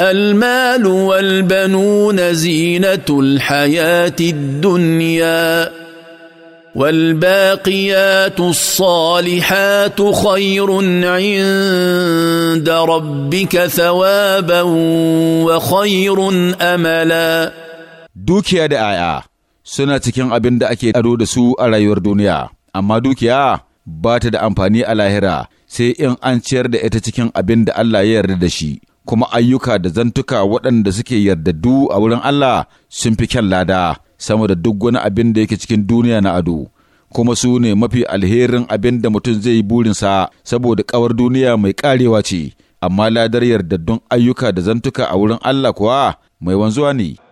المال والبنون زينه الحياه الدنيا والباقيات الصالحات خير عند ربك ثوابا وخير املا dukiya da 'ya'ya suna cikin abin da ake ado da su a rayuwar duniya amma dukiya ba ta da amfani a lahira sai in an ciyar da ita cikin abin da Allah ya yarda da shi kuma ayyuka da zantuka waɗanda suke yardaddu a wurin Allah sun fi kyan lada sama da duk wani abin da yake cikin duniya na ado kuma su ne mafi alherin abin da mutum zai yi burinsa saboda ƙawar duniya mai karewa ce amma ladar yardaddun ayyuka da zantuka a wurin Allah kuwa mai wanzuwa ne.